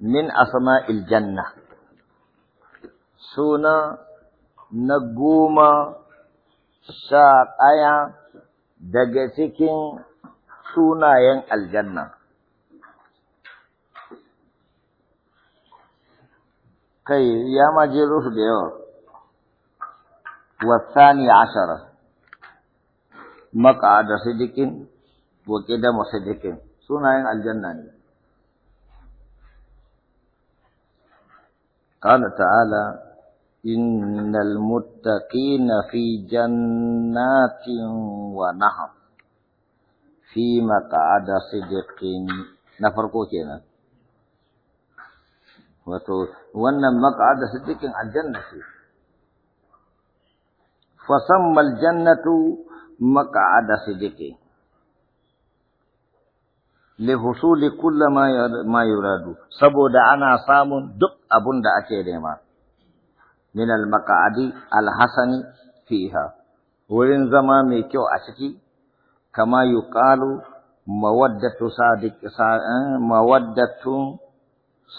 min asma'il iljanna, suna na goma sha ɗaya daga cikin sunayen aljanna kai ya ma jero da yawa wasani ashara maka da sadikin wa kida sunayen aljanna ne قال تعالى إن المتقين في جنات ونهر في مقعد صدق نفر كوشينا وأن مقعد صدق على الجنة فصم الجنة مقعد صدق لحصول كل ما ما يراد سبود انا سام دك ابوندا اكي نيما من المقعد الحسن فيها وين زما مي كيو اشكي كما يقال مودة صادق سا... مودة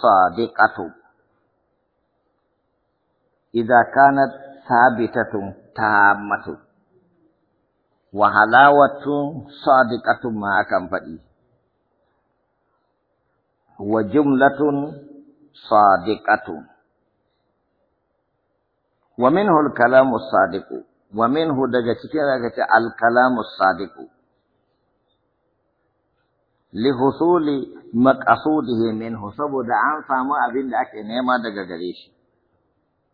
صادقة إذا كانت ثابتة تامة وحلاوة صادقة ما أكن فديه wa jumlatun sadiqatun wa minhu al-kalamu sadiqu wa minhu daga cikin rakaci al-kalamu sadiqu li husuli maqasudihi minhu saboda an samu abin da ake nema daga gare shi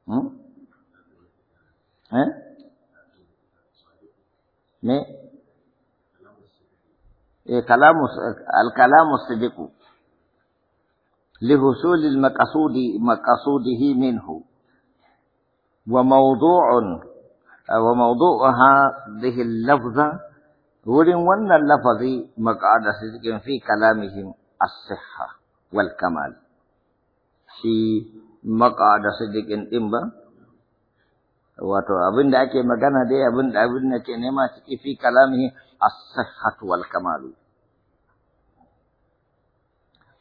hmm? eh? eh kalamu al-kalamu sadiqu لحصول المقصود مقصوده منه وموضوع وموضوع هذه اللفظة ولن ون اللفظ مقعد صدق في كلامهم الصحة والكمال في مقعد صدق إمبا واتو أبن da ake دي أبن abin da abin da ke nema ciki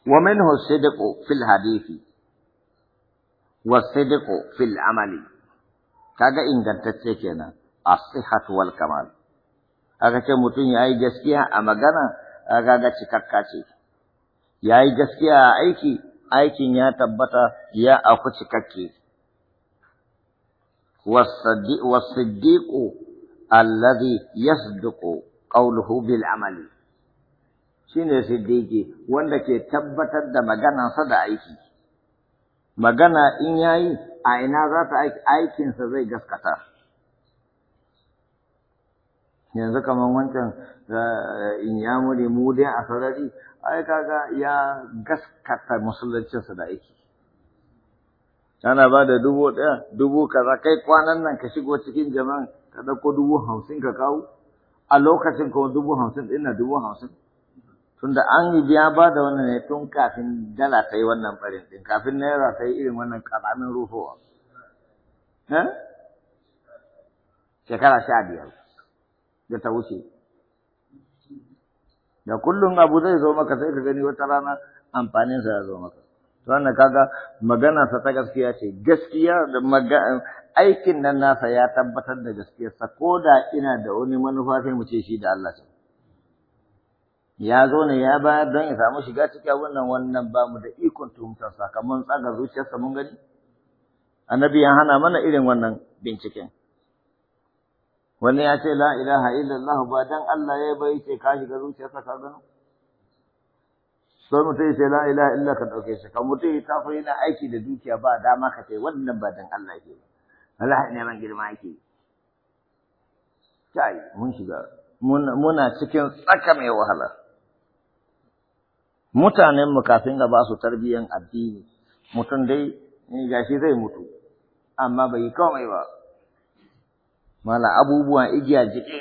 ومنه الصدق في الحديث والصدق في العمل كذا إن كنت تسيكينا الصحة والكمال أغا كي متوني أي جسكيها أما غنا أغا غا تككاتي يا أي جسكيها أي نيا تبتا يا أخو تككي والصديق الذي يصدق قوله بالعمل shine siddiqi wanda ke tabbatar da maganarsa da aiki magana in yayi a ina za ta aikinsa zai gaskata yanzu kamar wancan eh, in ya muri mu dai a sarari ai kaga ya gaskata musuluncinsa da aiki ana ba da dubu ɗaya dubu kaza kai kwanan nan ka shigo cikin jama'a ka ɗauko dubu hamsin ka kawo a lokacin kuma dubu hamsin ɗin na dubu hamsin tunda an yi ya ba da wannan ne tun kafin dala ta yi wannan farin din kafin naira ta yi irin wannan kalamin rufowa shekara sha biyar da ta wuce da kullum abu zai zo maka sai ka gani wata rana amfaninsa ya zo maka to wannan kaga magana sa ta gaskiya ce gaskiya da aikin nan nasa ya tabbatar da gaskiyarsa ko da ina da wani manufa sai mu ce shi da Allah ce ya zo ne ya bayar don ya samu shiga cikin wannan wannan ba mu da ikon tuhumtar sakamakon tsaga zuciyarsa mun gani annabi ya hana mana irin wannan binciken wani ya ce la ilaha illallah ba dan Allah ya bai ce ka shiga zuciyarsa ka gano sai mutum ya ce la ilaha illallah ka dauke shi ka mutum ya tafi yana aiki da dukiya ba dama ka ce wannan ba dan Allah ke Allah ne man girma yake kai mun shiga muna cikin tsaka mai wahala Mutanen mu kafin ga ba su tarbiyyan addini mutum dai ni gashi zai mutu amma bai yi komai ba mala abubuwan igiya jike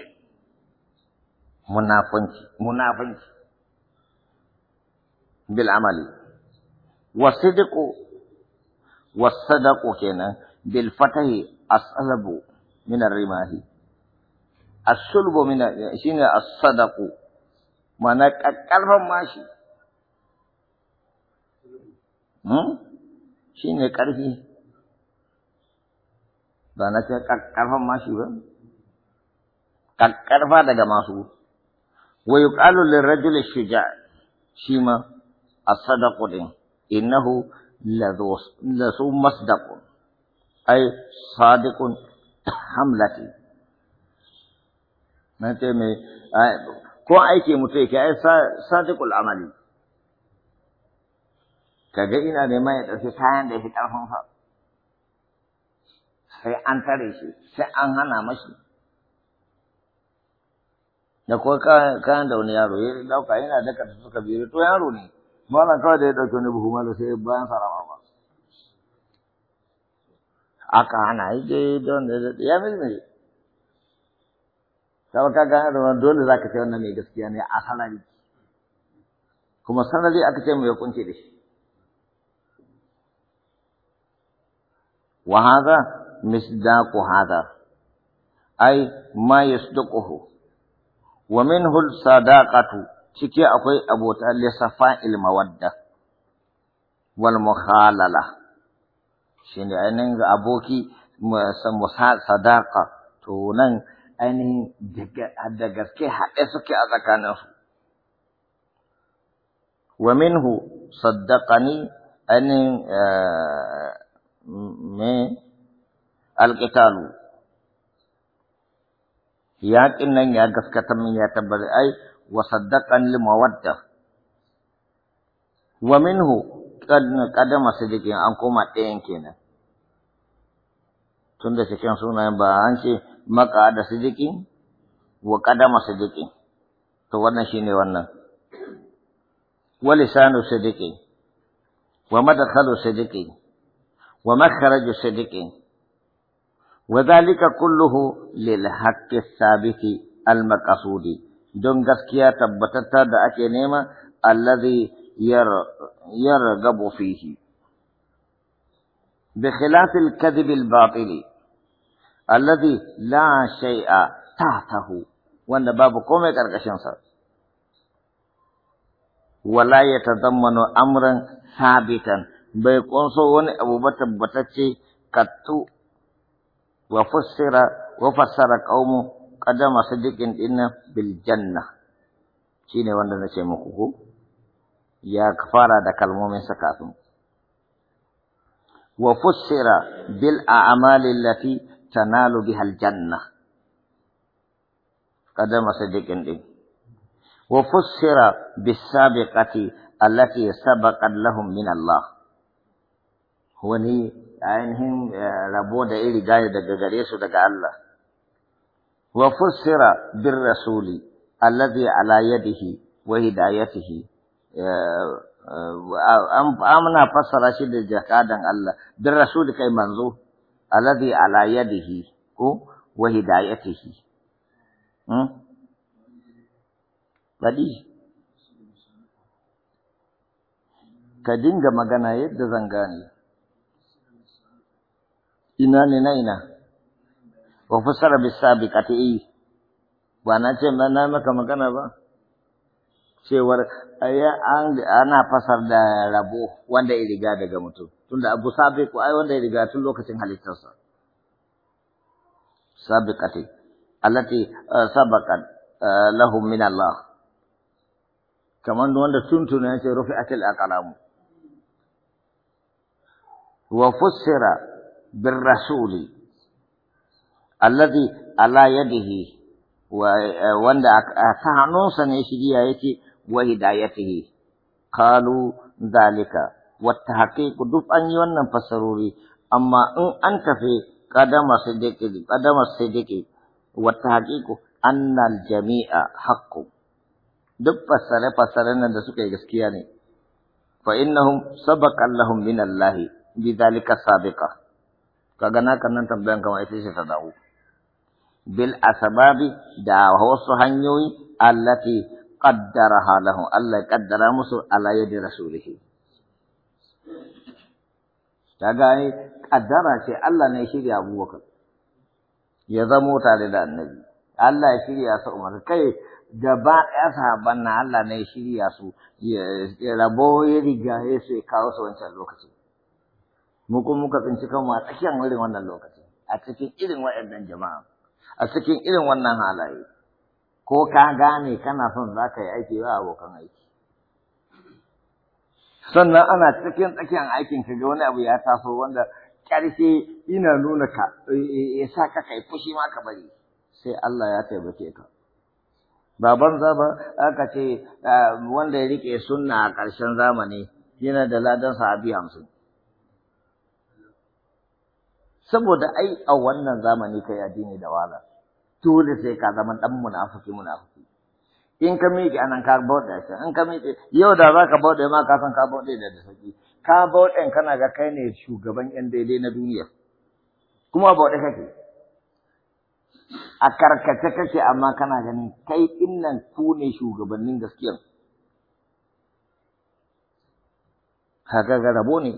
munafunci munafunci bil amali wasidqu wasadaqu kenan bil fatahi asalabu min rimahi as-sulbu min shine as-sadaqu mana kakkalfan mashi Hmm? shi ne ƙarfi ba na ce ƙarfan mashi ba ƙarfa daga masu wa yuqalu lirrajuli shuja shi ma a sadaqu ɗin innahu lasu su masdaqun ay sadiqun hamlati na ce mai ko aiki mutu yake ai sadiqul amali kaga ina neman ya ɗauki kayan da ya fi ƙarfin sa sai an tare shi sai an hana mashi da kuwa kayan da wani yaro ya ɗauka yana daka da suka biyu to yaro ne malam kawai da ya ɗauki wani buhu malam sai bayan sarama ba aka hana yi je don da ya ne sau ka gane da wani dole za ka ce wannan mai gaskiya ne a sanari kuma sanari aka ce mu ya kunce da shi وهذا مصداق هذا أي ما يصدقه ومنه الصداقة تكي أقوي أبو صفاء المودة والمخاللة شيني أنين أبوكي صداقة تونن أنين يعني دقسكي حقسكي أذكانه ومنه صدقني أنين يعني، آه me alƙitalu yaƙin nan ya gaskata min ya tabbata ai wa saddaqan li mawadda wa minhu qadama sadiqin an koma ɗayan kenan tun da cikin sunayen ba an ce maka da sidiki wa qadama sadiqin to wannan shine wannan wa lisanu sadiqin wa madkhalu sadiqin ومخرج صدق وذلك كله للحق الثابت المقصود دون غسكيا تبتتا دا نيمة الذي ير يرغب فيه بخلاف الكذب الباطل الذي لا شيء تحته وان باب قومي كاركشن صار ولا يتضمن امرا ثابتا bai kunso wani abu ba tabbatacce kattu wa fassara wa fassara qaumu qadama sadiqin dinna bil janna shine wanda nace muku ko ya kafara da kalmomin sa kafin wa fassara bil a'mali allati tanalu bihal janna qadama sadiqin din wa fassara bis sabiqati allati sabaqat lahum min Allah wani ainihin eh, rabo da iri gane daga gare su daga Allah wa fussira bin rasuli allazi ala yadihi wa hidayatihi eh, eh, amina fassara shi da jakadan Allah bin rasuli kai manzo allazi ala yadihi ko wa hidayatihi Badi, hmm? ka dinga magana yadda zan gane. ina ne na ina wa fassara bi sabiqati i eh. ba na ce na maka magana ba cewar ana fasar da rabo wanda ya riga daga mutum tunda abu ko ai wanda ya riga tun lokacin halittarsa sabiqati allati eh, sabaqat eh, lahum min Allah kaman wanda tuntuna ya ce rufi'atil aqlam wa fassara بالرسول الذي على يده وند أفهنون سنشدي آيتي وهدايته قالوا ذلك والتحقيق دفعا يوانا فسروري أما إن أنت في قدم صدق قدم صدق والتحقيق أن الجميع حق دف فسر فسرنا دسوك يسكياني فإنهم سبق لهم من الله بذلك سابقا kaga na kan nan tambayan kamar ita ce ta dawo bil asbabi da wasu hanyoyi allati qaddara halahu, Allah ya qaddara musu ala yadi rasulihi kaga ai qaddara ce Allah ne shirya Abubakar ya zamo tare da annabi Allah ya shirya su Umar kai gaba ɗaya sahabban na Allah ne shirya su ya rabo ya riga ya sai kawo su wancan lokacin mu kuma muka tsinci kanmu a tsakiyar irin wannan lokaci a cikin irin waɗannan jama'a a cikin irin wannan halaye ko ka gane kana son za ka yi aiki ba abokan aiki sannan ana cikin tsakiyar aikin ka ga wani abu ya taso wanda ƙarfi ina nuna ka eh, eh, ya sa ka kai fushi ma ka bari sai Allah ya taimake ka ba banza ba aka ce ah, wanda ya rike sunna a ƙarshen zamani yana da ladan sahabi hamsin saboda ai a wannan zamani kai addini da wala dole sai ka zama dan munafiki munafiki in ka miƙe anan ka bauɗe shi in ka miƙe yau da zaka bauɗe ma ka san ka bauɗe da sauki ka bauɗen kana ga kai ne shugaban yan daidai na duniya kuma bauɗe kake a karkace kake amma kana ganin kai innan ku ne shugabannin gaskiya kaga ga rabo ne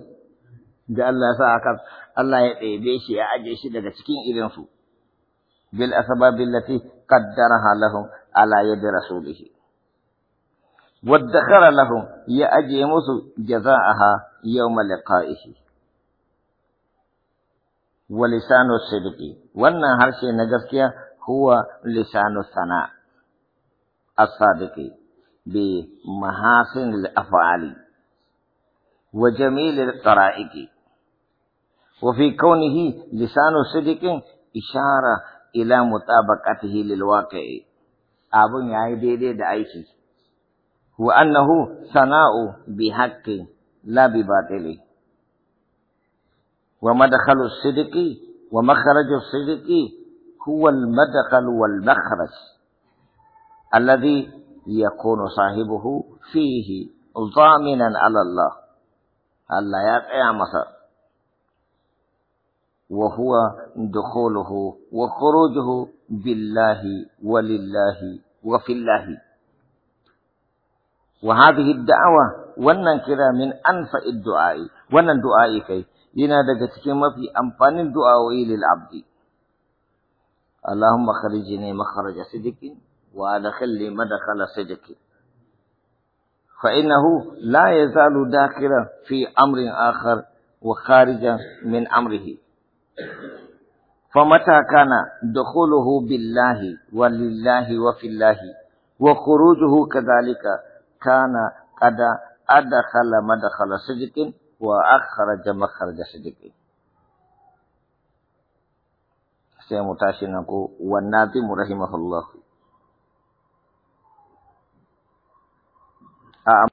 da Allah ya sa aka Allah ya ɗebe shi ya aje shi daga cikin irinsu bil asbabil lati qaddaraha lahum ala لهم يأجي موسو جزاءها يوم لقائه ولسان الصدق وانا هرشي نجسكيا هو لسان الثناء الصادق بمحاسن الأفعال وجميل الطرائق وفي كونه لسان صدق إشارة إلى مطابقته للواقع أبن يعيدي ديدي دعيشي دي هو أنه ثناء بحق لا بباطل ومدخل الصدق ومخرج الصدق هو المدخل والمخرج الذي يكون صاحبه فيه ضامنا على الله الله يا مصر وهو دخوله وخروجه بالله ولله وفي الله وهذه الدعوة wannan kira min anfa du'a'i wannan du'a'i kai yana daga cikin mafi amfanin du'a'o'i lil abdi Allahumma kharijni makharaja sidqin wa adkhilni madkhala sidqin فإنه لا يزال داخلا في أمر آخر وخارجا من أمره فمتى كان دخوله بالله ولله وفي الله وخروجه كذلك كان قد أدخل مدخل صدق وأخرج مخرج صدق سيمتاشنك والناظم رحمه الله